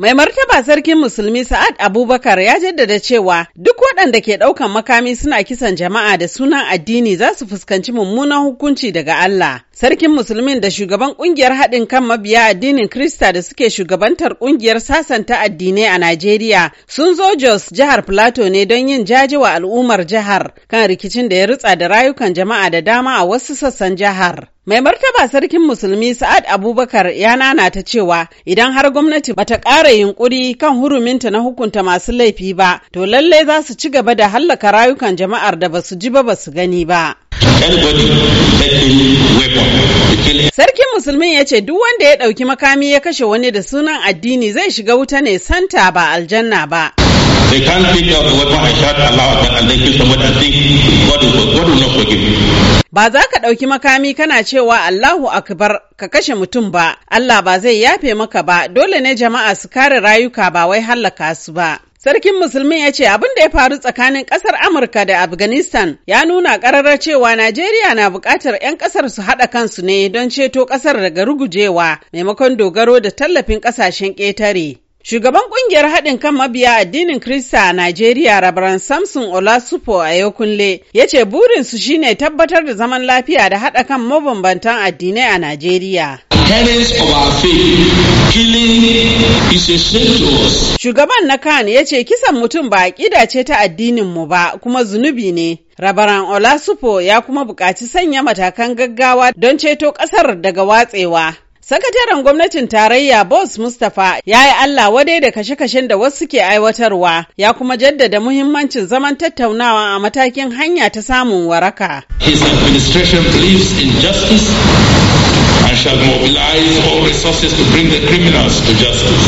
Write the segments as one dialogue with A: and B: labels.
A: Mai martaba sarkin musulmi Sa'ad Abubakar ya jaddada cewa duk waɗanda ke ɗaukan makami suna kisan jama'a da sunan addini za su fuskanci mummunan hukunci daga Allah. Sarkin Musulmin da shugaban kungiyar haɗin kan mabiya addinin Krista da suke shugabantar kungiyar sasanta addinai a Najeriya sun zo Jos jihar Plateau ne don yin wa al'ummar jihar kan rikicin da ya ritsa da rayukan jama'a da dama a wasu sassan jihar. Mai martaba sarkin musulmi Sa'ad Abubakar ya ta cewa idan har gwamnati bata ƙara yunkuri kan huruminta na hukunta masu laifi ba, to lallai za su ci gaba da hallaka rayukan jama'ar da basu ji ba basu gani ba. Sarkin musulmin ya ce duk wanda ya ɗauki makami ya kashe wani da sunan addini zai shiga wuta ne santa ba aljanna ba. Ba za ka ɗauki makami kana cewa Allahu Akbar ka kashe mutum ba, Allah ba zai yafe maka ba, dole ne jama'a su kare rayuka ba wai hallaka su ba. Sarkin Musulmi ya ce abin da ya faru tsakanin ƙasar Amurka da Afghanistan ya nuna ƙararra cewa Najeriya na buƙatar 'yan ƙasar su haɗa kansu ne don ceto ƙasar daga rugujewa maimakon dogaro da tallafin ƙasashen ƙetare. Shugaban ƙungiyar haɗin kan mabiya addinin Krista a Najeriya, Rabaran Samson Olasupo a Yokunle, ya ce burinsu shine tabbatar da zaman lafiya da haɗa kan mabambantan addinai a Najeriya. parents of our faith killing is a sin to us. Shugaban na kan ya ce kisan mutum ba ƙida ce ta addinin mu ba kuma zunubi ne. Rabaran Olasupo ya kuma buƙaci sanya matakan gaggawa don ceto ƙasar daga watsewa. Sakataren gwamnatin tarayya Boss Mustapha ya yi Allah wadai da kashe-kashen da wasu ke aiwatarwa ya kuma jaddada muhimmancin zaman tattaunawa a matakin hanya ta samun waraka. His administration believes in justice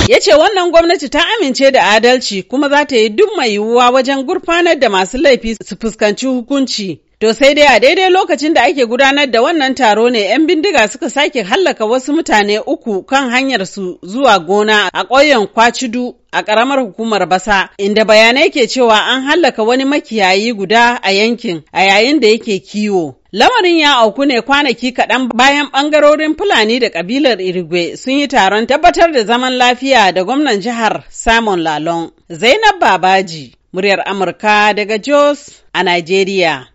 A: Ya ce wannan gwamnati ta amince da adalci kuma za ta yi duk mai yiwuwa wajen gurfanar da masu laifi su fuskanci hukunci To sai dai a daidai lokacin da ake gudanar da wannan taro ne 'yan bindiga suka sake hallaka wasu mutane uku kan hanyar su zuwa gona a ƙauyen Kwacidu a ƙaramar hukumar Basa, inda bayanai ke cewa an hallaka wani makiyayi guda a yankin a yayin da yake kiwo. Lamarin ya auku ne kwanaki kaɗan bayan ɓangarorin Fulani da ƙabilar Irigwe sun yi taron tabbatar da zaman lafiya da gwamnan jihar Simon Lalong. Zainab Babaji, muryar Amurka daga Jos a Najeriya.